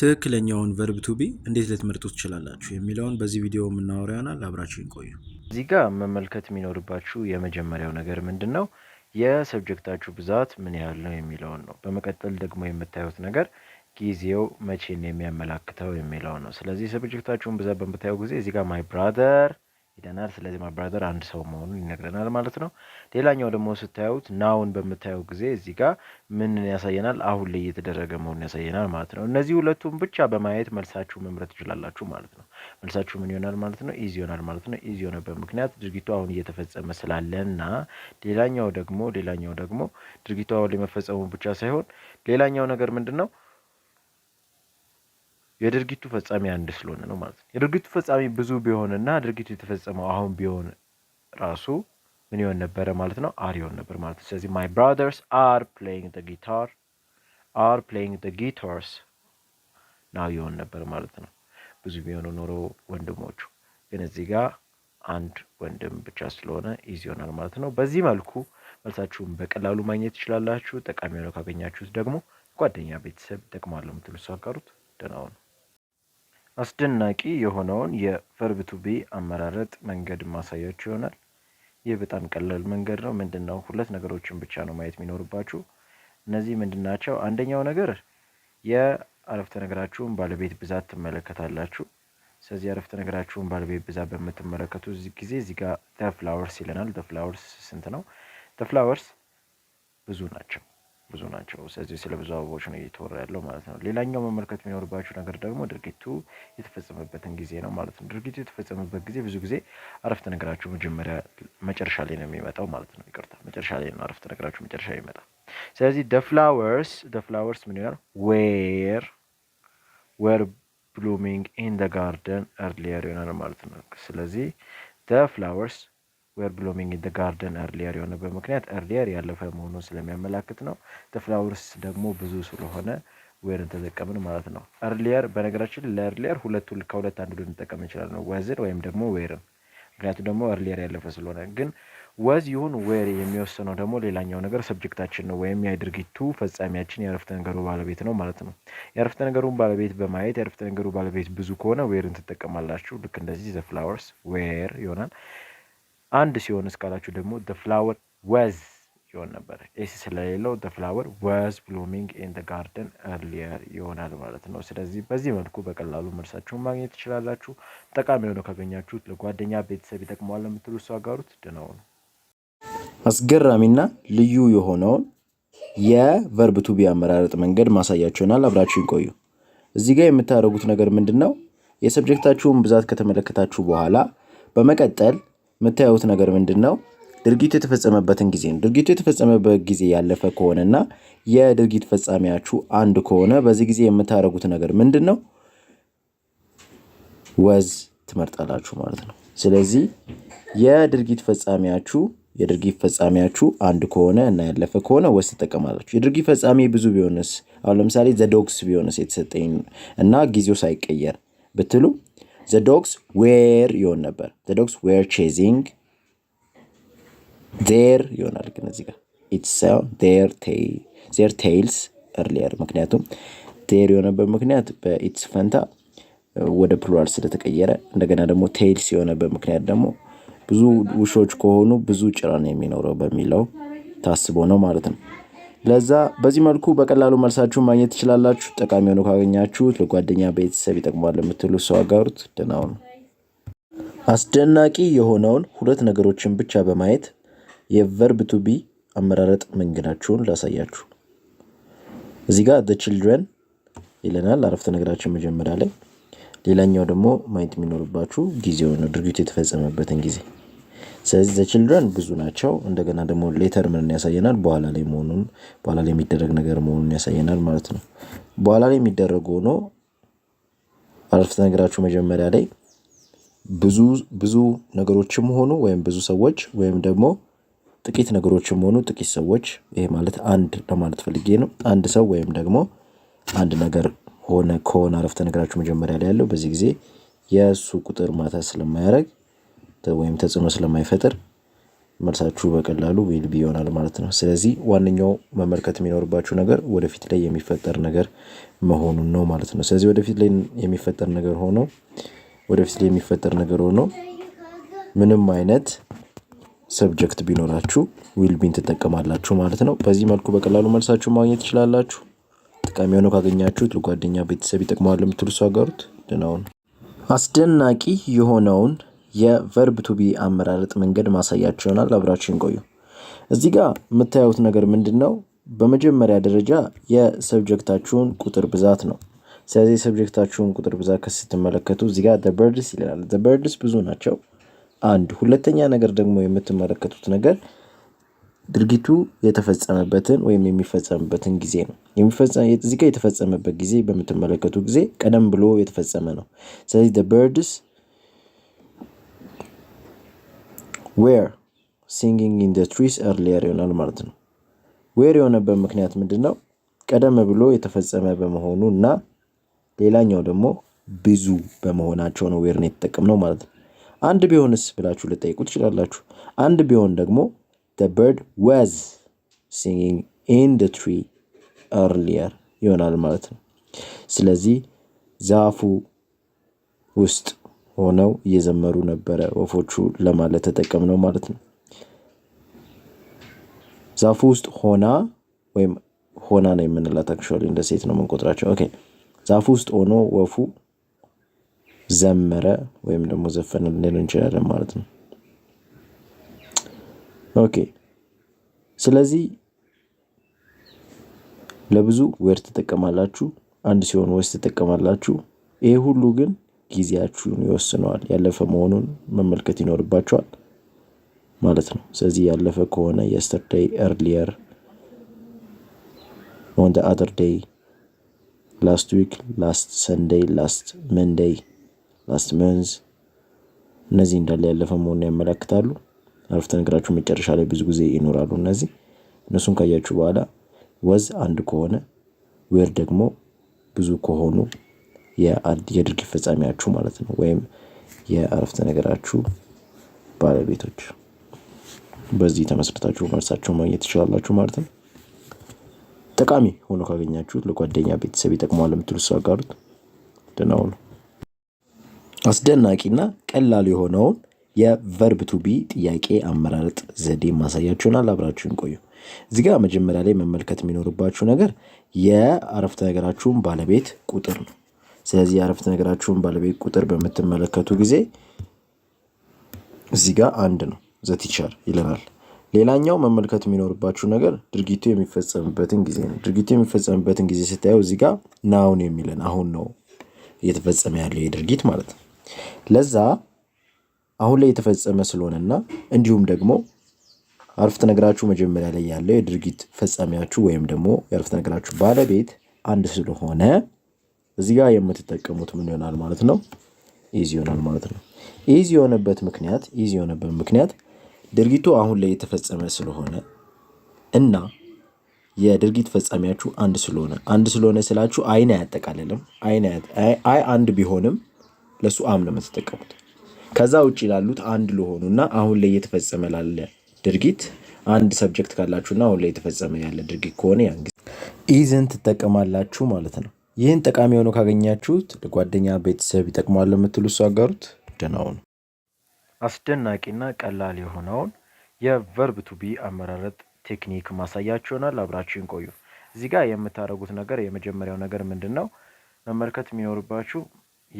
ትክክለኛውን ቨርብ ቱቢ እንዴት ልትመርጡ ትችላላችሁ የሚለውን በዚህ ቪዲዮ የምናወራ ይሆናል። አብራችሁ ይቆዩ። እዚህ ጋር መመልከት የሚኖርባችሁ የመጀመሪያው ነገር ምንድን ነው? የሰብጀክታችሁ ብዛት ምን ያህል ነው የሚለውን ነው። በመቀጠል ደግሞ የምታዩት ነገር ጊዜው መቼን የሚያመላክተው የሚለው ነው። ስለዚህ ሰብጀክታችሁን ብዛት በምታየው ጊዜ እዚህ ጋር ማይ ብራደር ይለናል። ስለዚህ ማበረደር አንድ ሰው መሆኑን ይነግረናል ማለት ነው። ሌላኛው ደግሞ ስታዩት ናውን በምታየው ጊዜ እዚህ ጋር ምን ያሳየናል? አሁን ላይ እየተደረገ መሆኑን ያሳየናል ማለት ነው። እነዚህ ሁለቱም ብቻ በማየት መልሳችሁ መምረት ትችላላችሁ ማለት ነው። መልሳችሁ ምን ይሆናል ማለት ነው? ኢዚ ይሆናል ማለት ነው። ኢዚ የሆነበት ምክንያት ድርጊቱ አሁን እየተፈጸመ ስላለና ሌላኛው ደግሞ ሌላኛው ደግሞ ድርጊቱ አሁን ላይ መፈጸሙ ብቻ ሳይሆን ሌላኛው ነገር ምንድን ነው የድርጊቱ ፈጻሚ አንድ ስለሆነ ነው ማለት ነው። የድርጊቱ ፈጻሚ ብዙ ቢሆንና ድርጊቱ የተፈጸመው አሁን ቢሆን ራሱ ምን ይሆን ነበረ ማለት ነው? አር ይሆን ነበር ማለት ነው። ስለዚህ ማይ ብራዘርስ አር ፕሌይንግ ደ ጊታር አር ፕሌይንግ ደ ጊታርስ ናው ይሆን ነበር ማለት ነው። ብዙ ቢሆኑ ኖሮ ወንድሞቹ፣ ግን እዚህ ጋር አንድ ወንድም ብቻ ስለሆነ ኢዚ ይሆናል ማለት ነው። በዚህ መልኩ መልሳችሁን በቀላሉ ማግኘት ትችላላችሁ። ጠቃሚ ሆነው ካገኛችሁት ደግሞ ጓደኛ፣ ቤተሰብ ይጠቅማል የምትሉ አጋሩት። ደህና ሁኑ። አስደናቂ የሆነውን የቨርብ ቱ ቢ አመራረጥ መንገድ ማሳያችሁ ይሆናል። ይህ በጣም ቀላል መንገድ ነው። ምንድን ነው? ሁለት ነገሮችን ብቻ ነው ማየት የሚኖርባችሁ። እነዚህ ምንድን ናቸው? አንደኛው ነገር የአረፍተ ነገራችሁን ባለቤት ብዛት ትመለከታላችሁ። ስለዚህ አረፍተ ነገራችሁን ባለቤት ብዛት በምትመለከቱ ጊዜ እዚህ ጋር ተፍላወርስ ይለናል። ተፍላወርስ ስንት ነው? ተፍላወርስ ብዙ ናቸው። ብዙ ናቸው። ስለዚህ ስለ ብዙ አበቦች ነው እየተወራ ያለው ማለት ነው። ሌላኛው መመልከት የሚኖርባቸው ነገር ደግሞ ድርጊቱ የተፈጸመበትን ጊዜ ነው ማለት ነው። ድርጊቱ የተፈጸመበት ጊዜ ብዙ ጊዜ አረፍተ ነገራችሁ መጀመሪያ መጨረሻ ላይ ነው የሚመጣው ማለት ነው። ይቅርታ መጨረሻ ላይ ነው አረፍተ ነገራችሁ መጨረሻ ላይ ይመጣል። ስለዚህ ደ ፍላወርስ ምን ይሆናል? ዌር ዌር ብሉሚንግ ኢን ደ ጋርደን ኤርሊየር ይሆናል ማለት ነው። ስለዚህ ደ ፍላወርስ ዌር ብሎሚንግ ኢን ጋርደን ኤርሊየር የሆነበት ምክንያት ኤርሊየር ያለፈ መሆኑን ስለሚያመላክት ነው። ፍላወርስ ደግሞ ብዙ ስለሆነ ዌርን ተጠቀምን ማለት ነው። እርሊየር በነገራችን ለኤርሊየር ሁለቱ ከሁለት አንዱ ልንጠቀም እንችላለን ነው ወዝን ወይም ደግሞ ዌርን። ምክንያቱም ደግሞ ኤርሊየር ያለፈ ስለሆነ ግን ወዝ ይሁን ዌር የሚወስነው ደግሞ ሌላኛው ነገር ሰብጀክታችን ነው ወይም የድርጊቱ ፈጻሚያችን የአረፍተ ነገሩ ባለቤት ነው ማለት ነው። የአረፍተ ነገሩን ባለቤት በማየት የአረፍተ ነገሩ ባለቤት ብዙ ከሆነ ዌርን ትጠቀማላችሁ። ልክ እንደዚህ ዘ ፍላወርስ ዌር ይሆናል። አንድ ሲሆን እስካላችሁ ደግሞ ፍላወር ወዝ ይሆን ነበር። ኤስ ስለሌለው ፍላወር ወዝ ብሎሚንግ ኢን ዘ ጋርደን ኤርሊየር ይሆናል ማለት ነው። ስለዚህ በዚህ መልኩ በቀላሉ መልሳችሁን ማግኘት ትችላላችሁ። ጠቃሚ ሆነው ካገኛችሁት ለጓደኛ ቤተሰብ ይጠቅመዋል ለምትሉ ሰው አጋሩት። ድነው ነው አስገራሚና ልዩ የሆነውን የቨርብ ቱ አመራረጥ መንገድ ማሳያችሁ ይሆናል። አብራችሁ ይቆዩ። እዚህ ጋር የምታደርጉት ነገር ምንድን ነው? የሰብጀክታችሁን ብዛት ከተመለከታችሁ በኋላ በመቀጠል የምታዩት ነገር ምንድን ነው? ድርጊቱ የተፈጸመበትን ጊዜ ነው። ድርጊቱ የተፈጸመበት ጊዜ ያለፈ ከሆነና የድርጊት ፈጻሚያችሁ አንዱ ከሆነ በዚህ ጊዜ የምታደርጉት ነገር ምንድን ነው? ወዝ ትመርጣላችሁ ማለት ነው። ስለዚህ የድርጊት ፈጻሚያችሁ የድርጊት ፈጻሚያችሁ አንድ ከሆነ እና ያለፈ ከሆነ ወዝ ትጠቀማላችሁ። የድርጊት ፈጻሚ ብዙ ቢሆንስ? አሁን ለምሳሌ ዘዶክስ ቢሆንስ የተሰጠኝ እና ጊዜው ሳይቀየር ብትሉ ዘ ዶግስ ዌር ይሆን ነበር። ዘ ዶግስ ዌር ቼዚንግ ዜር ይሆናል። ግን እዚህ ጋር ኢትስ ዜር ቴይልስ እርሊየር። ምክንያቱም ዜር የሆነበት ምክንያት በኢትስ ፈንታ ወደ ፕሉራል ስለተቀየረ፣ እንደገና ደግሞ ቴይልስ የሆነበት ምክንያት ደግሞ ብዙ ውሾች ከሆኑ ብዙ ጭራ ነው የሚኖረው በሚለው ታስቦ ነው ማለት ነው። ለዛ በዚህ መልኩ በቀላሉ መልሳችሁን ማግኘት ትችላላችሁ። ጠቃሚ ሆኖ ካገኛችሁት ለጓደኛ ቤተሰብ ይጠቅሟል የምትሉ ሰው አጋሩት። ደህና ሁኑ። አስደናቂ የሆነውን ሁለት ነገሮችን ብቻ በማየት የቨርብ ቱ ቢ አመራረጥ መንገዳችሁን ላሳያችሁ። እዚህ ጋር ችልድረን ይለናል አረፍተ ነገራችን መጀመሪያ ላይ። ሌላኛው ደግሞ ማየት የሚኖርባችሁ ጊዜው ነው፣ ድርጊቱ የተፈጸመበትን ጊዜ ስለዚህ ዘ ችልድረን ብዙ ናቸው። እንደገና ደግሞ ሌተር ምንን ያሳየናል? በኋላ ላይ መሆኑን በኋላ ላይ የሚደረግ ነገር መሆኑን ያሳየናል ማለት ነው። በኋላ ላይ የሚደረግ ሆኖ አረፍተ ነገራችሁ መጀመሪያ ላይ ብዙ ብዙ ነገሮችም ሆኑ ወይም ብዙ ሰዎች ወይም ደግሞ ጥቂት ነገሮችም ሆኑ ጥቂት ሰዎች፣ ይሄ ማለት አንድ ለማለት ፈልጌ ነው። አንድ ሰው ወይም ደግሞ አንድ ነገር ሆነ ከሆነ አረፍተ ነገራችሁ መጀመሪያ ላይ ያለው በዚህ ጊዜ የእሱ ቁጥር ማታ ስለማያደርግ ወይም ተጽዕኖ ስለማይፈጥር መልሳችሁ በቀላሉ ዊል ቢ ይሆናል ማለት ነው። ስለዚህ ዋነኛው መመልከት የሚኖርባችሁ ነገር ወደፊት ላይ የሚፈጠር ነገር መሆኑን ነው ማለት ነው። ስለዚህ ወደፊት ላይ የሚፈጠር ነገር ሆኖ ወደፊት ላይ የሚፈጠር ነገር ሆኖ ምንም አይነት ሰብጀክት ቢኖራችሁ ዊል ቢን ትጠቀማላችሁ ማለት ነው። በዚህ መልኩ በቀላሉ መልሳችሁ ማግኘት ትችላላችሁ። ጠቃሚ ሆኖ ካገኛችሁት ለጓደኛ ቤተሰብ ይጠቅመዋል የምትሉ ሰው አጋሩት። ደህና ሁኑ። አስደናቂ የሆነውን የቨርብ ቱቢ አመራረጥ መንገድ ማሳያቸው ይሆናል። አብራችን ቆዩ። እዚህ ጋር የምታዩት ነገር ምንድን ነው? በመጀመሪያ ደረጃ የሰብጀክታችሁን ቁጥር ብዛት ነው። ስለዚህ የሰብጀክታችሁን ቁጥር ብዛት ከስትመለከቱ እዚህ ጋር በርድስ ይላል። በርድስ ብዙ ናቸው። አንድ ሁለተኛ ነገር ደግሞ የምትመለከቱት ነገር ድርጊቱ የተፈጸመበትን ወይም የሚፈጸምበትን ጊዜ ነው። እዚህ የተፈጸመበት ጊዜ በምትመለከቱ ጊዜ ቀደም ብሎ የተፈጸመ ነው። ስለዚህ በርድስ ዌር ሲንጊንግ ኢን ዘ ትሪስ ኤርሊየር ይሆናል ማለት ነው። ዌር የሆነበት ምክንያት ምንድን ነው? ቀደም ብሎ የተፈጸመ በመሆኑ እና ሌላኛው ደግሞ ብዙ በመሆናቸው ነው ዌር ነው የተጠቀምነው ማለት ነው። አንድ ቢሆንስ ብላችሁ ልጠይቁ ትችላላችሁ። አንድ ቢሆን ደግሞ ዘ በርድ ዋዝ ሲንጊንግ ኢን ዘ ትሪ ኤርሊየር ይሆናል ማለት ነው። ስለዚህ ዛፉ ውስጥ ሆነው እየዘመሩ ነበረ ወፎቹ ለማለት ተጠቀም ነው ማለት ነው። ዛፉ ውስጥ ሆና ወይም ሆና ነው የምንላት አክቹዋሊ እንደ ሴት ነው የምንቆጥራቸው። ኦኬ ዛፉ ውስጥ ሆኖ ወፉ ዘመረ ወይም ደግሞ ዘፈነ ልንል እንችላለን ማለት ነው። ኦኬ ስለዚህ ለብዙ ዌር ትጠቀማላችሁ፣ አንድ ሲሆን ወስ ትጠቀማላችሁ። ይሄ ሁሉ ግን ጊዜያችሁን ይወስነዋል። ያለፈ መሆኑን መመልከት ይኖርባቸዋል ማለት ነው። ስለዚህ ያለፈ ከሆነ የስተርዴይ ኤርሊየር ኦን ደ አደር ዴይ ላስት ዊክ፣ ላስት ሰንደይ፣ ላስት መንደይ፣ ላስት መንዝ እነዚህ እንዳለ ያለፈ መሆኑን ያመለክታሉ አረፍተ ነገራችሁ መጨረሻ ላይ ብዙ ጊዜ ይኖራሉ። እነዚህ እነሱን ካያችሁ በኋላ ወዝ አንድ ከሆነ ዌር ደግሞ ብዙ ከሆኑ የድርጊት ፈጻሚያችሁ ማለት ነው ወይም የአረፍተ ነገራችሁ ባለቤቶች በዚህ ተመስርታችሁ መርሳቸው ማግኘት ትችላላችሁ ማለት ነው። ጠቃሚ ሆኖ ካገኛችሁት ለጓደኛ ቤተሰብ ይጠቅመዋል ለምትሉ ሰው አጋሩት። ደህና ሁኑ። አስደናቂና ቀላል የሆነውን የቨርብ ቱቢ ጥያቄ አመራረጥ ዘዴ ማሳያችሁናል። አብራችሁን ቆዩ። እዚህ ጋር መጀመሪያ ላይ መመልከት የሚኖርባችሁ ነገር የአረፍተ ነገራችሁን ባለቤት ቁጥር ነው። ስለዚህ አረፍተ ነገራችሁን ባለቤት ቁጥር በምትመለከቱ ጊዜ እዚህ ጋር አንድ ነው ዘቲቸር ይለናል። ሌላኛው መመልከት የሚኖርባችሁ ነገር ድርጊቱ የሚፈጸምበትን ጊዜ ነው። ድርጊቱ የሚፈጸምበትን ጊዜ ስታየው እዚህ ጋር ናውን የሚለን አሁን ነው እየተፈጸመ ያለው የድርጊት ማለት ነው። ለዛ አሁን ላይ የተፈጸመ ስለሆነና እንዲሁም ደግሞ አረፍተ ነገራችሁ መጀመሪያ ላይ ያለው የድርጊት ፈጻሚያችሁ ወይም ደግሞ የአረፍተ ነገራችሁ ባለቤት አንድ ስለሆነ እዚህ ጋር የምትጠቀሙት ምን ይሆናል ማለት ነው? ኢዚ ይሆናል ማለት ነው። ኢዚ የሆነበት ምክንያት ኢዚ የሆነበት ምክንያት ድርጊቱ አሁን ላይ የተፈጸመ ስለሆነ እና የድርጊት ፈጻሚያችሁ አንድ ስለሆነ አንድ ስለሆነ ስላችሁ አይን አያጠቃልልም። አይ አንድ ቢሆንም ለሱ አም ነው የምትጠቀሙት። ከዛ ውጭ ላሉት አንድ ለሆኑና አሁን ላይ እየተፈጸመ ላለ ድርጊት አንድ ሰብጀክት ካላችሁና አሁን ላይ የተፈጸመ ያለ ድርጊት ከሆነ ያን ጊዜ ኢዝን ትጠቀማላችሁ ማለት ነው። ይህን ጠቃሚ ሆኖ ካገኛችሁት ለጓደኛ ቤተሰብ ይጠቅማል የምትሉ እሱ አጋሩት። ደናውን አስደናቂና ቀላል የሆነውን የቨርብ ቱቢ አመራረጥ ቴክኒክ ማሳያችሁ ይሆናል። አብራችሁን ቆዩ። እዚህ ጋር የምታደርጉት ነገር የመጀመሪያው ነገር ምንድን ነው? መመልከት የሚኖርባችሁ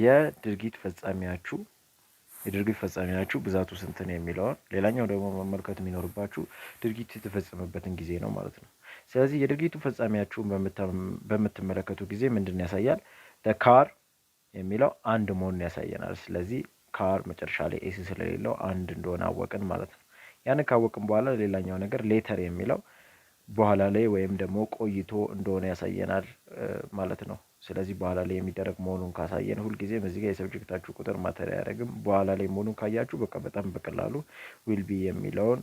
የድርጊት ፈጻሚያችሁ የድርጊት ፈጻሚያችሁ ብዛቱ ስንት ነው የሚለውን። ሌላኛው ደግሞ መመልከት የሚኖርባችሁ ድርጊት የተፈጸመበትን ጊዜ ነው ማለት ነው። ስለዚህ የድርጊቱ ፈጻሚያችሁን በምትመለከቱ ጊዜ ምንድን ያሳያል? ካር የሚለው አንድ መሆኑን ያሳየናል። ስለዚህ ካር መጨረሻ ላይ ኤሲ ስለሌለው አንድ እንደሆነ አወቅን ማለት ነው። ያን ካወቅን በኋላ ሌላኛው ነገር ሌተር የሚለው በኋላ ላይ ወይም ደግሞ ቆይቶ እንደሆነ ያሳየናል ማለት ነው። ስለዚህ በኋላ ላይ የሚደረግ መሆኑን ካሳየን ሁልጊዜ እዚህ ጋር የሰብጀክታችሁ ቁጥር ማተሪያ አያደርግም። በኋላ ላይ መሆኑን ካያችሁ በቃ በጣም በቀላሉ ዊል ቢ የሚለውን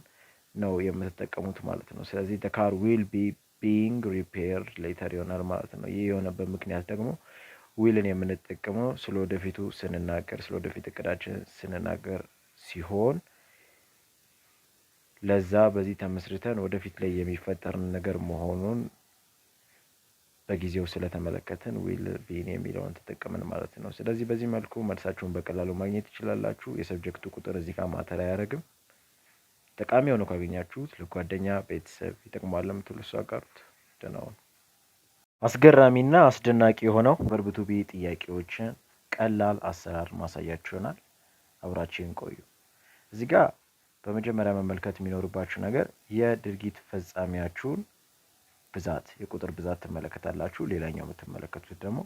ነው የምትጠቀሙት ማለት ነው። ስለዚህ ተካር ካር ዊል ቢ ቢንግ ሪፔር ሌተር ይሆናል ማለት ነው። ይህ የሆነበት ምክንያት ደግሞ ዊልን የምንጠቀመው ስለ ወደፊቱ ስንናገር ስለ ወደፊት እቅዳችን ስንናገር ሲሆን ለዛ በዚህ ተመስርተን ወደፊት ላይ የሚፈጠር ነገር መሆኑን በጊዜው ስለተመለከትን ዊል ቢን የሚለውን ተጠቀምን ማለት ነው። ስለዚህ በዚህ መልኩ መልሳችሁን በቀላሉ ማግኘት ትችላላችሁ። የሰብጀክቱ ቁጥር እዚህ ጋር ማተር አያደርግም። ጠቃሚ ሆኖ ካገኛችሁት ለጓደኛ ቤተሰብ ይጠቅማል ለምትሉ አጋሩት። ደህና ሁኑ። አስገራሚና አስደናቂ የሆነው በርብቱ ቢ ጥያቄዎችን ቀላል አሰራር ማሳያችሁ ይሆናል። አብራችን ቆዩ። እዚህ ጋር በመጀመሪያ መመልከት የሚኖርባችሁ ነገር የድርጊት ፈጻሚያችሁን ብዛት የቁጥር ብዛት ትመለከታላችሁ። ሌላኛው የምትመለከቱት ደግሞ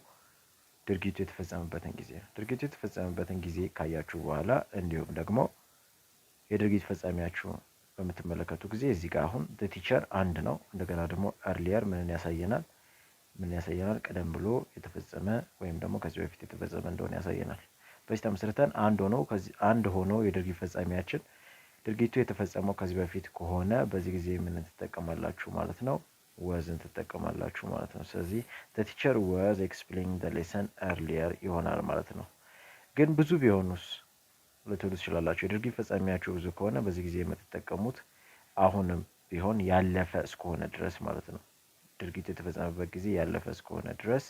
ድርጊቱ የተፈጸመበትን ጊዜ ነው። ድርጊቱ የተፈጸመበትን ጊዜ ካያችሁ በኋላ እንዲሁም ደግሞ የድርጊት ፈጻሚያችሁ በምትመለከቱ ጊዜ እዚህ ጋር አሁን ቲቸር አንድ ነው። እንደገና ደግሞ አርሊየር ምንን ያሳየናል? ምን ያሳየናል? ቀደም ብሎ የተፈጸመ ወይም ደግሞ ከዚህ በፊት የተፈጸመ እንደሆነ ያሳየናል። በዚህ ተመስርተን አንድ ሆኖ አንድ ሆኖ የድርጊት ፈጻሚያችን ድርጊቱ የተፈጸመው ከዚህ በፊት ከሆነ በዚህ ጊዜ ምን ትጠቀማላችሁ ማለት ነው? ወዝን ትጠቀማላችሁ ማለት ነው። ስለዚህ ቲቸር ወዝ ኤክስፕሌን ሌሰን አርሊየር ይሆናል ማለት ነው። ግን ብዙ ቢሆኑስ ልትሉ ትችላላችሁ። የድርጊት ፈጻሚያቸው ብዙ ከሆነ በዚህ ጊዜ የምትጠቀሙት አሁንም ቢሆን ያለፈ እስከሆነ ድረስ ማለት ነው። ድርጊት የተፈጸመበት ጊዜ ያለፈ እስከሆነ ድረስ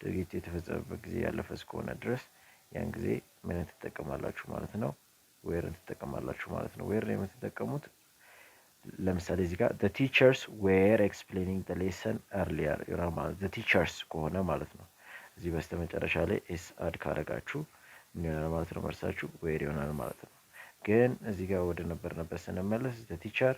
ድርጊት የተፈጸመበት ጊዜ ያለፈ እስከሆነ ድረስ ያን ጊዜ ምንን ትጠቀማላችሁ ማለት ነው? ዌርን ትጠቀማላችሁ ማለት ነው። ዌርን የምትጠቀሙት ለምሳሌ እዚህ ጋር ቲቸርስ ዌር ኤክስፕሌኒንግ ዘ ሌሰን ኤርሊየር ይሆናል ማለት ቲቸርስ ከሆነ ማለት ነው። እዚህ በስተመጨረሻ ላይ ኤስ አድ ካረጋችሁ ምን ይሆናል ማለት ነው መልሳችሁ ዌር ይሆናል ማለት ነው። ግን እዚህ ጋር ወደ ነበርንበት ስንመለስ ዘ ቲቸር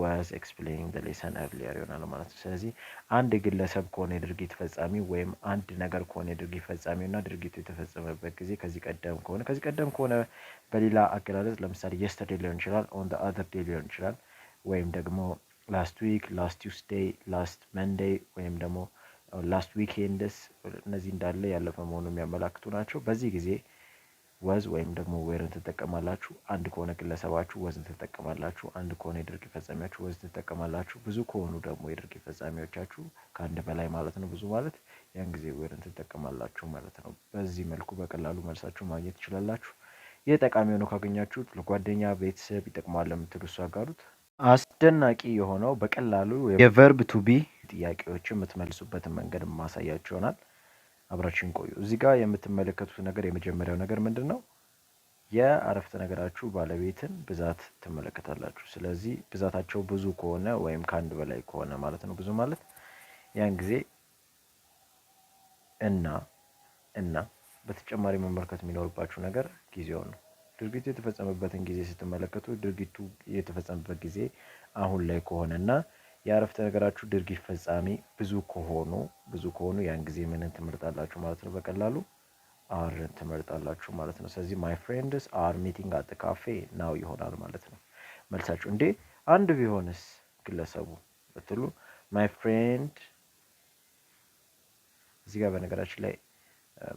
ዋዝ ኤክስፕሌኒንግ ዘ ሌሰን ኤርሊየር ይሆናል ማለት ነው። ስለዚህ አንድ ግለሰብ ከሆነ የድርጊት ፈጻሚ ወይም አንድ ነገር ከሆነ የድርጊት እና ድርጊቱ የተፈጸመበት ጊዜ ከዚህ ቀደም ከሆነ ከዚህ ቀደም ከሆነ በሌላ አገላለጽ ለምሳሌ የስተርዴ ሊሆን ይችላል፣ ኦን ዘ አዘር ዴይ ሊሆን ይችላል ወይም ደግሞ ላስት ዊክ፣ ላስት ቱስዴይ፣ ላስት መንዴይ ወይም ደግሞ ላስት ዊኬንድስ እነዚህ እንዳለ ያለፈ መሆኑ የሚያመላክቱ ናቸው። በዚህ ጊዜ ወዝ ወይም ደግሞ ዌርን ትጠቀማላችሁ። አንድ ከሆነ ግለሰባችሁ ወዝን ትጠቀማላችሁ። አንድ ከሆነ የድርጊት ፈጻሚያችሁ ወዝ ትጠቀማላችሁ። ብዙ ከሆኑ ደግሞ የድርጊት ፈጻሚዎቻችሁ ከአንድ በላይ ማለት ነው፣ ብዙ ማለት ያን ጊዜ ዌርን ትጠቀማላችሁ ማለት ነው። በዚህ መልኩ በቀላሉ መልሳችሁ ማግኘት ትችላላችሁ። ይህ ጠቃሚ ሆነው ካገኛችሁት ለጓደኛ ቤተሰብ ይጠቅማል እሱ አጋሩት። አስደናቂ የሆነው በቀላሉ የቨርብ ቱቢ ጥያቄዎችን የምትመልሱበትን መንገድ ማሳያችሁ ይሆናል። አብራችን ቆዩ። እዚህ ጋር የምትመለከቱት ነገር የመጀመሪያው ነገር ምንድን ነው? የአረፍተ ነገራችሁ ባለቤትን ብዛት ትመለከታላችሁ። ስለዚህ ብዛታቸው ብዙ ከሆነ ወይም ከአንድ በላይ ከሆነ ማለት ነው። ብዙ ማለት ያን ጊዜ እና እና በተጨማሪ መመልከት የሚኖርባችሁ ነገር ጊዜውን ነው። ድርጊቱ የተፈጸመበትን ጊዜ ስትመለከቱ ድርጊቱ የተፈጸመበት ጊዜ አሁን ላይ ከሆነ እና የአረፍተ ነገራችሁ ድርጊት ፈጻሚ ብዙ ከሆኑ ብዙ ከሆኑ ያን ጊዜ ምንን ትመርጣላችሁ ማለት ነው? በቀላሉ አርን ትመርጣላችሁ ማለት ነው። ስለዚህ ማይ ፍሬንድስ አር ሚቲንግ አት ካፌ ናው ይሆናል ማለት ነው መልሳችሁ። እንዴ አንድ ቢሆንስ ግለሰቡ ብትሉ ማይ ፍሬንድ እዚህ ጋር በነገራችን ላይ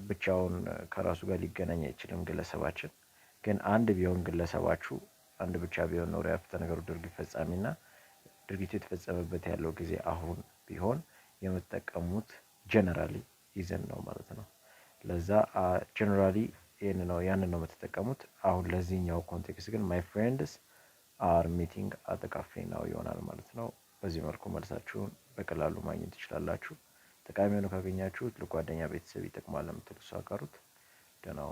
ብቻውን ከራሱ ጋር ሊገናኝ አይችልም ግለሰባችን። ግን አንድ ቢሆን ግለሰባችሁ አንድ ብቻ ቢሆን ኖሮ የአረፍተ ነገሩ ድርጊት ፈጻሚና ድርጊቱ የተፈጸመበት ያለው ጊዜ አሁን ቢሆን የምትጠቀሙት ጀነራሊ ይዘን ነው ማለት ነው። ለዛ ጀነራሊ ይህን ነው ያን ነው የምትጠቀሙት። አሁን ለዚህኛው ኮንቴክስት ግን ማይ ፍሬንድስ አር ሚቲንግ አት ካፌ ይሆናል ማለት ነው። በዚህ መልኩ መልሳችሁን በቀላሉ ማግኘት ትችላላችሁ። ጠቃሚ ሆኖ ካገኛችሁት ለጓደኛ ቤተሰብ ይጠቅማል ለምትሉ አጋሩት። ደናው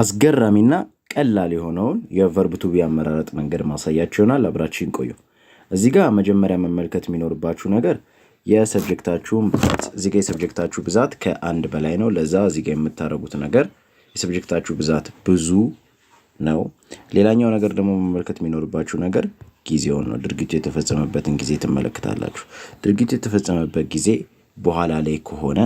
አስገራሚና ቀላል የሆነውን የቨርብ አመራረጥ መንገድ ማሳያችሁ ይሆናል። አብራችሁ ቆዩ። እዚህ ጋር መጀመሪያ መመልከት የሚኖርባችሁ ነገር የሰብጀክታችሁን ብዛት እዚህ ጋር የሰብጀክታችሁ ብዛት ከአንድ በላይ ነው። ለዛ እዚህ ጋር የምታደርጉት ነገር የሰብጀክታችሁ ብዛት ብዙ ነው። ሌላኛው ነገር ደግሞ መመልከት የሚኖርባችሁ ነገር ጊዜውን ነው። ድርጊቱ የተፈጸመበትን ጊዜ ትመለከታላችሁ። ድርጊቱ የተፈጸመበት ጊዜ በኋላ ላይ ከሆነ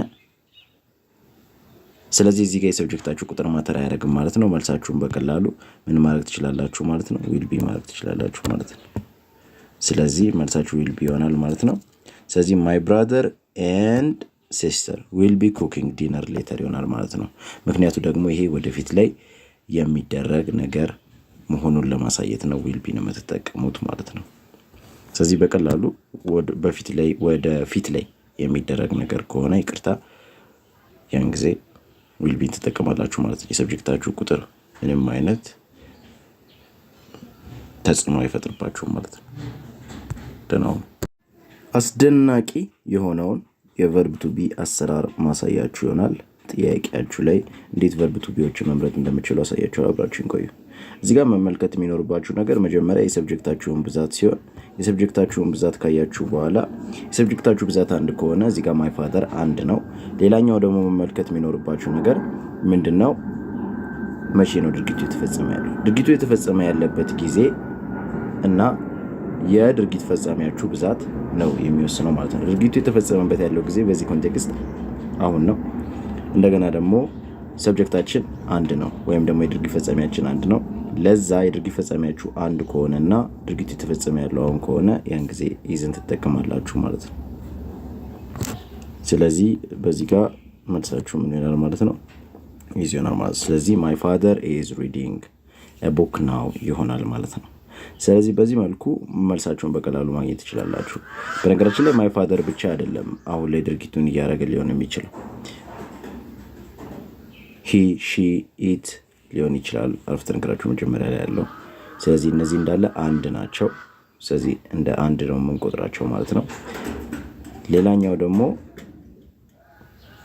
ስለዚህ እዚህ ጋር የሰብጀክታችሁ ቁጥር ማተር አያደርግም ማለት ነው። መልሳችሁን በቀላሉ ምን ማድረግ ትችላላችሁ ማለት ነው? ዊል ቢ ማድረግ ትችላላችሁ ማለት ነው። ስለዚህ መልሳችሁ ዊል ቢ ይሆናል ማለት ነው። ስለዚህ ማይ ብራደር ኤንድ ሲስተር ዊል ቢ ኩኪንግ ዲነር ሌተር ይሆናል ማለት ነው። ምክንያቱ ደግሞ ይሄ ወደፊት ላይ የሚደረግ ነገር መሆኑን ለማሳየት ነው ዊል ቢን የምትጠቀሙት ማለት ነው። ስለዚህ በቀላሉ በፊት ላይ ወደፊት ላይ የሚደረግ ነገር ከሆነ ይቅርታ፣ ያን ጊዜ ዊል ቢን ትጠቀማላችሁ ማለት ነው። የሰብጀክታችሁ ቁጥር ምንም አይነት ተጽዕኖ አይፈጥርባችሁም ማለት ነው። ደህና ነው። አስደናቂ የሆነውን የቨርብ ቱቢ አሰራር ማሳያችሁ ይሆናል። ጥያቄያችሁ ላይ እንዴት ቨርብ ቱቢዎችን መምረጥ እንደምችሉ አሳያችኋል። አብራችን ቆዩ። እዚህ ጋር መመልከት የሚኖርባችሁ ነገር መጀመሪያ የሰብጀክታችሁን ብዛት ሲሆን የሰብጀክታችሁን ብዛት ካያችሁ በኋላ የሰብጀክታችሁ ብዛት አንድ ከሆነ እዚህ ጋር ማይፋተር አንድ ነው። ሌላኛው ደግሞ መመልከት የሚኖርባችሁ ነገር ምንድን ነው? መቼ ነው ድርጊቱ የተፈጸመ ያለው? ድርጊቱ የተፈጸመ ያለበት ጊዜ እና የድርጊት ፈጻሚያችሁ ብዛት ነው የሚወስነው ማለት ነው። ድርጊቱ የተፈጸመበት ያለው ጊዜ በዚህ ኮንቴክስት አሁን ነው። እንደገና ደግሞ ሰብጀክታችን አንድ ነው ወይም ደግሞ የድርጊት ፈጻሚያችን አንድ ነው። ለዛ የድርጊት ፈጻሚያችሁ አንድ ከሆነ እና ድርጊቱ የተፈጸመ ያለው አሁን ከሆነ ያን ጊዜ ይዘን ትጠቀማላችሁ ማለት ነው። ስለዚህ በዚህ ጋር መልሳችሁ ምን ይሆናል ማለት ነው? ይዝ ይሆናል ማለት ስለዚህ ማይ ፋደር ኢዝ ሪዲንግ ቡክ ናው ይሆናል ማለት ነው። ስለዚህ በዚህ መልኩ መልሳቸውን በቀላሉ ማግኘት ትችላላችሁ። በነገራችን ላይ ማይፋደር ብቻ አይደለም አሁን ላይ ድርጊቱን እያደረገ ሊሆን የሚችለው ሂ ሺ ኢት ሊሆን ይችላል አረፍተ ነገራችሁ መጀመሪያ ላይ ያለው። ስለዚህ እነዚህ እንዳለ አንድ ናቸው። ስለዚህ እንደ አንድ ነው የምንቆጥራቸው ማለት ነው። ሌላኛው ደግሞ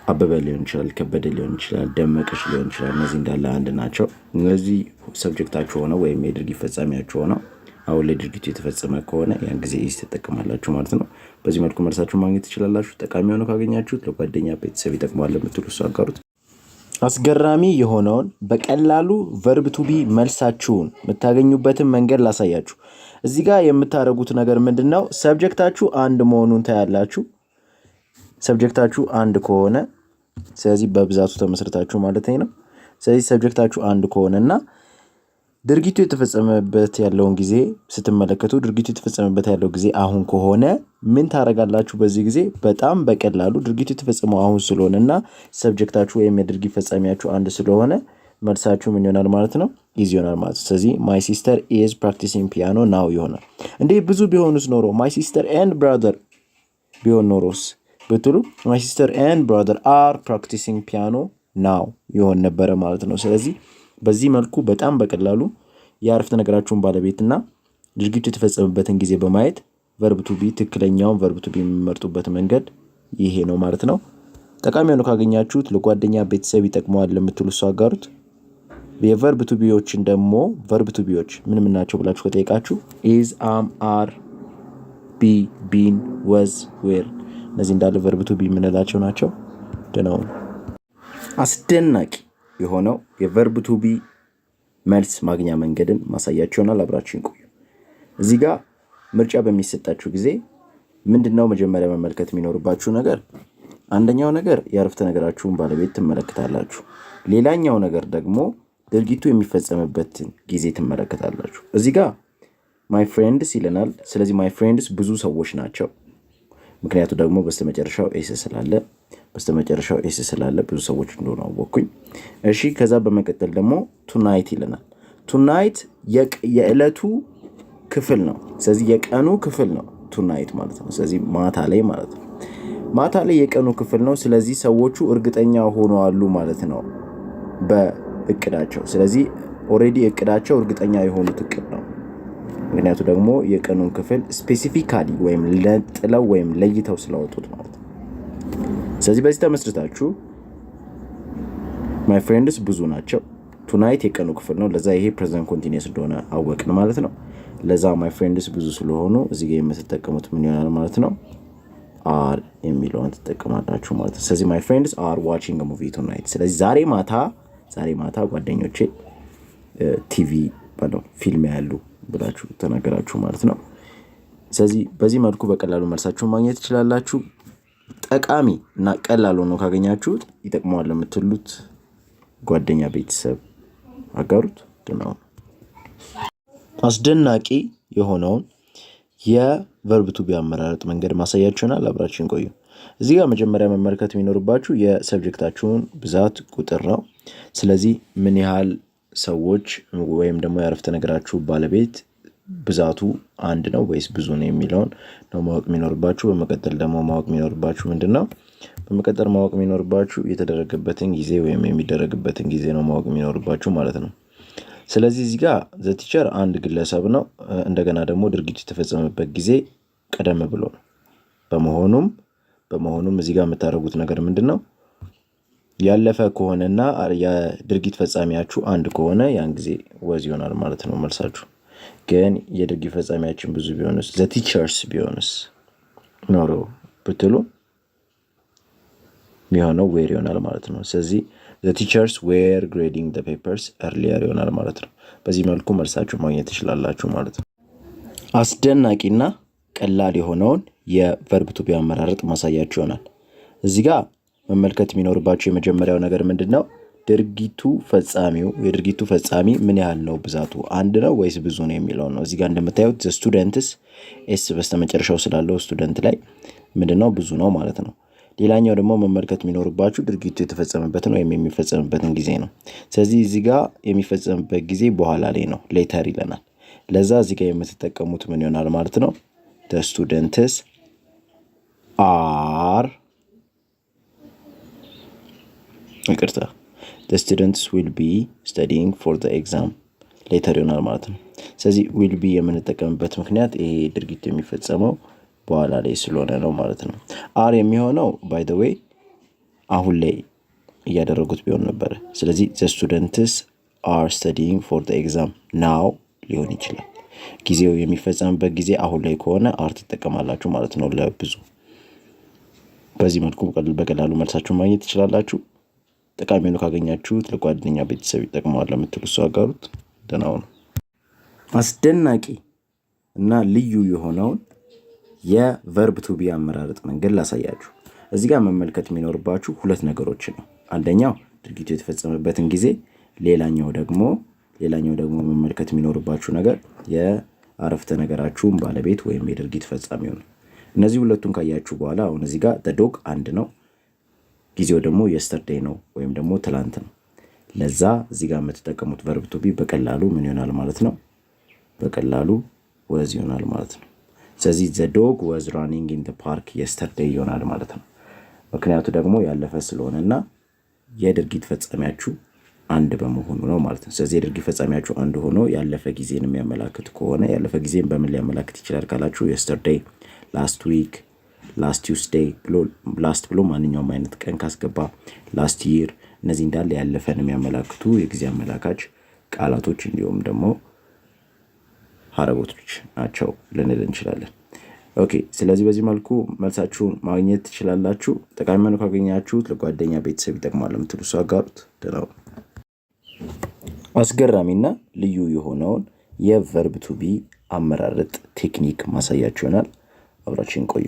አበበ ሊሆን ይችላል፣ ከበደ ሊሆን ይችላል፣ ደመቀች ሊሆን ይችላል። እነዚህ እንዳለ አንድ ናቸው። እነዚህ ሰብጀክታችሁ ሆነው ወይም የድርጊት ፈጻሚያችሁ ሆነው አሁን ለድርጊቱ ድርጊቱ የተፈጸመ ከሆነ ያን ጊዜ ኢዝ ትጠቀማላችሁ ማለት ነው። በዚህ መልኩ መልሳችሁ ማግኘት ትችላላችሁ። ጠቃሚ ሆነ ካገኛችሁት ለጓደኛ ቤተሰብ ይጠቅማል ለምትሉ እሱ አጋሩት። አስገራሚ የሆነውን በቀላሉ ቨርብ ቱቢ መልሳችሁን የምታገኙበትን መንገድ ላሳያችሁ። እዚህ ጋር የምታደርጉት ነገር ምንድን ነው? ሰብጀክታችሁ አንድ መሆኑን ታያላችሁ። ሰብጀክታችሁ አንድ ከሆነ ስለዚህ በብዛቱ ተመስርታችሁ ማለት ነው። ስለዚህ ሰብጀክታችሁ አንድ ከሆነና ድርጊቱ የተፈጸመበት ያለውን ጊዜ ስትመለከቱ ድርጊቱ የተፈጸመበት ያለው ጊዜ አሁን ከሆነ ምን ታደርጋላችሁ? በዚህ ጊዜ በጣም በቀላሉ ድርጊቱ የተፈጸመው አሁን ስለሆነ እና ሰብጀክታችሁ ወይም የድርጊት ፈጻሚያችሁ አንድ ስለሆነ መልሳችሁ ምን ይሆናል ማለት ነው? ኢዝ ይሆናል ማለት ነው። ስለዚህ ማይ ሲስተር ኢዝ ፕራክቲሲንግ ፒያኖ ናው ይሆናል። እንዴ ብዙ ቢሆኑስ ኖሮ ማይ ሲስተር ኤንድ ብራዘር ቢሆን ኖሮስ ብትሉ ማይ ሲስተር ኤንድ ብራዘር አር ፕራክቲሲንግ ፒያኖ ናው ይሆን ነበረ ማለት ነው። ስለዚህ በዚህ መልኩ በጣም በቀላሉ የአረፍተ ነገራችሁን ባለቤትና ድርጊቱ የተፈጸመበትን ጊዜ በማየት ቨርብ ቢ ትክክለኛውን ቨርብ ቢ የሚመርጡበት መንገድ ይሄ ነው ማለት ነው። ጠቃሚ ሆኖ ካገኛችሁት ለጓደኛ ቤተሰብ ይጠቅመዋል ለምትሉ እሱ አጋሩት። የቨርብ ቢዎችን ደግሞ ቨርብ ቱቢዎች ምን ምን ናቸው ብላችሁ ከጠየቃችሁ ኢዝ፣ አም፣ አር፣ ቢ፣ ቢን፣ ወዝ፣ ዌር እነዚህ እንዳለ ቨርብቱ ቢ የምንላቸው ናቸው። ድነው አስደናቂ የሆነው የቨርብቱ ቢ መልስ ማግኛ መንገድን ማሳያቸው ይሆናል። አብራችን ቆዩ። እዚህ ጋር ምርጫ በሚሰጣችሁ ጊዜ ምንድን ነው መጀመሪያ መመልከት የሚኖርባችሁ ነገር? አንደኛው ነገር የአረፍተ ነገራችሁን ባለቤት ትመለከታላችሁ። ሌላኛው ነገር ደግሞ ድርጊቱ የሚፈጸምበትን ጊዜ ትመለከታላችሁ። እዚህ ጋር ማይ ፍሬንድስ ይለናል። ስለዚህ ማይ ፍሬንድስ ብዙ ሰዎች ናቸው። ምክንያቱ ደግሞ በስተመጨረሻው ኤስ ስላለ በስተመጨረሻው ኤስ ስላለ ብዙ ሰዎች እንደሆነ አወቅኩኝ። እሺ ከዛ በመቀጠል ደግሞ ቱናይት ይለናል። ቱናይት የዕለቱ ክፍል ነው። ስለዚህ የቀኑ ክፍል ነው ቱናይት ማለት ነው። ስለዚህ ማታ ላይ ማለት ነው። ማታ ላይ የቀኑ ክፍል ነው። ስለዚህ ሰዎቹ እርግጠኛ ሆነዋሉ ማለት ነው በእቅዳቸው። ስለዚህ ኦልሬዲ እቅዳቸው እርግጠኛ የሆኑት እቅድ ነው። ምክንያቱ ደግሞ የቀኑን ክፍል ስፔሲፊካሊ ወይም ለጥለው ወይም ለይተው ስላወጡት ማለት ነው። ስለዚህ በዚህ ተመስርታችሁ ማይ ፍሬንድስ ብዙ ናቸው ቱናይት የቀኑ ክፍል ነው። ለዛ ይሄ ፕሬዘንት ኮንቲኒስ እንደሆነ አወቅን ማለት ነው። ለዛ ማይ ፍሬንድስ ብዙ ስለሆኑ እዚህ ጋ የምትጠቀሙት ምን ይሆናል ማለት ነው? አር የሚለውን ትጠቀማላችሁ ማለት ነው። ስለዚህ ማይ ፍሬንድስ አር ዋቺንግ ሙቪ ቱናይት። ስለዚህ ዛሬ ማታ ዛሬ ማታ ጓደኞቼ ቲቪ ፊልም ያሉ ብላችሁ ተናገራችሁ ማለት ነው። ስለዚህ በዚህ መልኩ በቀላሉ መልሳችሁን ማግኘት ትችላላችሁ። ጠቃሚ እና ቀላል ሆኖ ካገኛችሁት ይጠቅመዋል ለምትሉት ጓደኛ፣ ቤተሰብ አጋሩት። ድናው አስደናቂ የሆነውን የቨርብ ቱ አመራረጥ መንገድ ማሳያችሁናል። አብራችን ቆዩ። እዚህ ጋር መጀመሪያ መመልከት የሚኖርባችሁ የሰብጀክታችሁን ብዛት ቁጥር ነው። ስለዚህ ምን ያህል ሰዎች ወይም ደግሞ የአረፍተ ነገራችሁ ባለቤት ብዛቱ አንድ ነው ወይስ ብዙ ነው የሚለውን ነው ማወቅ የሚኖርባችሁ። በመቀጠል ደግሞ ማወቅ የሚኖርባችሁ ምንድን ነው? በመቀጠል ማወቅ የሚኖርባችሁ የተደረገበትን ጊዜ ወይም የሚደረግበትን ጊዜ ነው ማወቅ የሚኖርባችሁ ማለት ነው። ስለዚህ እዚህ ጋር ዘቲቸር አንድ ግለሰብ ነው። እንደገና ደግሞ ድርጊቱ የተፈጸመበት ጊዜ ቀደም ብሎ ነው። በመሆኑም በመሆኑም እዚህ ጋር የምታደርጉት ነገር ምንድን ነው? ያለፈ ከሆነና የድርጊት ፈጻሚያችሁ አንድ ከሆነ ያን ጊዜ ወዝ ይሆናል ማለት ነው መልሳችሁ። ግን የድርጊት ፈጻሚያችን ብዙ ቢሆንስ ዘ ቲቸርስ ቢሆንስ ኖሮ ብትሉ የሚሆነው ዌር ይሆናል ማለት ነው። ስለዚህ ዘ ቲቸርስ ዌር ግሬዲንግ ዘ ፔፐርስ ኤርሊየር ይሆናል ማለት ነው። በዚህ መልኩ መልሳችሁ ማግኘት ትችላላችሁ ማለት ነው። አስደናቂና ቀላል የሆነውን የቨርብ ቱ አመራረጥ ማሳያችሁ ይሆናል እዚህ ጋር መመልከት የሚኖርባቸው የመጀመሪያው ነገር ምንድን ነው? ድርጊቱ ፈጻሚው የድርጊቱ ፈጻሚ ምን ያህል ነው ብዛቱ አንድ ነው ወይስ ብዙ ነው የሚለው ነው። እዚጋ ጋር እንደምታዩት ስቱደንትስ ኤስ በስተመጨረሻው ስላለው ስቱደንት ላይ ምንድን ነው ብዙ ነው ማለት ነው። ሌላኛው ደግሞ መመልከት የሚኖርባችሁ ድርጊቱ የተፈጸመበትን ወይም የሚፈጸምበትን ጊዜ ነው። ስለዚህ እዚህ የሚፈጸምበት ጊዜ በኋላ ላይ ነው ሌተር ይለናል። ለዛ እዚህ ጋር የምትጠቀሙት ምን ይሆናል ማለት ነው? ስቱደንትስ አር ይቅርታ the students will be studying for the exam ሌተር ይሆናል ማለት ነው። ስለዚህ ዊል ቢ የምንጠቀምበት ምክንያት ይሄ ድርጊት የሚፈጸመው በኋላ ላይ ስለሆነ ነው ማለት ነው። አር የሚሆነው ባይ ዘ ዌይ አሁን ላይ እያደረጉት ቢሆን ነበረ። ስለዚህ ዘ ስቱደንትስ አር ስተዲንግ ፎር ዘ ኤግዛም ናው ሊሆን ይችላል። ጊዜው የሚፈጸምበት ጊዜ አሁን ላይ ከሆነ አር ትጠቀማላችሁ ማለት ነው። ለብዙ በዚህ መልኩ በቀላሉ መልሳችሁን ማግኘት ትችላላችሁ። ጠቃሚ ነው ካገኛችሁት ለጓደኛ ቤተሰብ ይጠቅመዋል ለምትሉ እሱ አጋሩት። ደህናው ነው። አስደናቂ እና ልዩ የሆነውን የቨርብ ቱቢ አመራረጥ መንገድ ላሳያችሁ። እዚ ጋር መመልከት የሚኖርባችሁ ሁለት ነገሮች ነው። አንደኛው ድርጊቱ የተፈጸመበትን ጊዜ፣ ሌላኛው ደግሞ ሌላኛው ደግሞ መመልከት የሚኖርባችሁ ነገር የአረፍተ ነገራችሁን ባለቤት ወይም የድርጊት ፈጻሚው ነው። እነዚህ ሁለቱን ካያችሁ በኋላ አሁን እዚህ ጋር ዶግ አንድ ነው ጊዜው ደግሞ የስተርዴይ ነው ወይም ደግሞ ትላንት ነው። ለዛ እዚህ ጋር የምትጠቀሙት ቨርብ ቱቢ በቀላሉ ምን ይሆናል ማለት ነው? በቀላሉ ወዝ ይሆናል ማለት ነው። ስለዚህ ዘ ዶግ ወዝ ራኒንግ ኢን ፓርክ የስተርዴይ ይሆናል ማለት ነው። ምክንያቱ ደግሞ ያለፈ ስለሆነና የድርጊት ፈጻሚያችሁ አንድ በመሆኑ ነው ማለት ነው። ስለዚህ የድርጊት ፈጻሚያችሁ አንድ ሆኖ ያለፈ ጊዜን የሚያመላክት ከሆነ ያለፈ ጊዜን በምን ሊያመላክት ይችላል ካላችሁ የስተርዴይ ላስት ዊክ ላስት ቱስዴይ ብሎ ላስት ብሎ ማንኛውም አይነት ቀን ካስገባ ላስት ይር እነዚህ እንዳለ ያለፈን የሚያመላክቱ የጊዜ አመላካች ቃላቶች እንዲሁም ደግሞ ሀረጎቶች ናቸው ልንል እንችላለን። ኦኬ ስለዚህ በዚህ መልኩ መልሳችሁን ማግኘት ትችላላችሁ። ጠቃሚ መሆኑ ካገኛችሁት ለጓደኛ ቤተሰብ ይጠቅማል ለምትሉ ሰው አጋሩት። ደናው አስገራሚና ልዩ የሆነውን የቨርብ ቱቢ አመራረጥ ቴክኒክ ማሳያችሁ ይሆናል። አብራችን ቆዩ።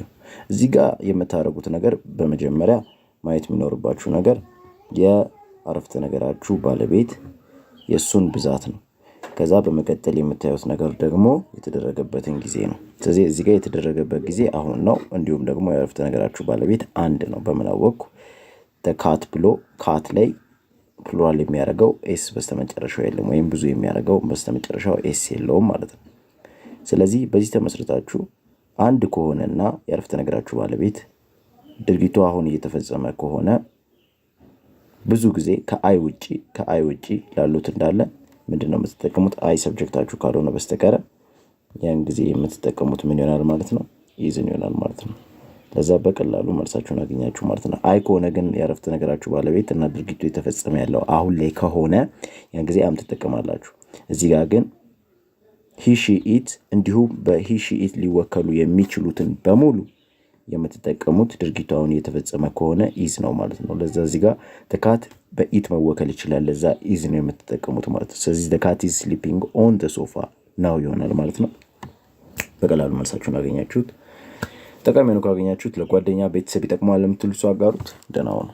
እዚህ ጋር የምታደርጉት ነገር በመጀመሪያ ማየት የሚኖርባችሁ ነገር የአረፍተ ነገራችሁ ባለቤት የእሱን ብዛት ነው። ከዛ በመቀጠል የምታዩት ነገር ደግሞ የተደረገበትን ጊዜ ነው። ስለዚህ እዚህ ጋር የተደረገበት ጊዜ አሁን ነው። እንዲሁም ደግሞ የአረፍተ ነገራችሁ ባለቤት አንድ ነው። በምን አወቅኩ? ተካት ብሎ ካት ላይ ፕሉራል የሚያደርገው ኤስ በስተመጨረሻው የለም፣ ወይም ብዙ የሚያደርገው በስተመጨረሻው ኤስ የለውም ማለት ነው። ስለዚህ በዚህ ተመስርታችሁ አንድ ከሆነና የአረፍተ ነገራችሁ ባለቤት ድርጊቱ አሁን እየተፈጸመ ከሆነ ብዙ ጊዜ ከአይ ውጪ ከአይ ውጪ ላሉት እንዳለ ምንድን ነው የምትጠቀሙት? አይ ሰብጀክታችሁ ካልሆነ በስተቀረ ያን ጊዜ የምትጠቀሙት ምን ይሆናል ማለት ነው? ይዝን ይሆናል ማለት ነው። ለዛ በቀላሉ መልሳችሁን አገኛችሁ ማለት ነው። አይ ከሆነ ግን የአረፍተ ነገራችሁ ባለቤት እና ድርጊቱ የተፈጸመ ያለው አሁን ላይ ከሆነ ያን ጊዜ አም ትጠቀማላችሁ። እዚህ ጋር ግን ሂሺኢት እንዲሁም በሂሺኢት ሊወከሉ የሚችሉትን በሙሉ የምትጠቀሙት ድርጊቱ አሁን የተፈጸመ ከሆነ ኢዝ ነው ማለት ነው። ለዛ እዚህ ጋር ተካት በኢት መወከል ይችላል። ለዛ ኢዝ ነው የምትጠቀሙት ማለት ነው። ስለዚህ ተካት ኢዝ ስሊፒንግ ኦን ደ ሶፋ ናው ይሆናል ማለት ነው። በቀላሉ መልሳችሁን አገኛችሁት። ጠቃሚ ነው ካገኛችሁት፣ ለጓደኛ ቤተሰብ ይጠቅማል ለምትሉ አጋሩት። ደህና ሁኑ።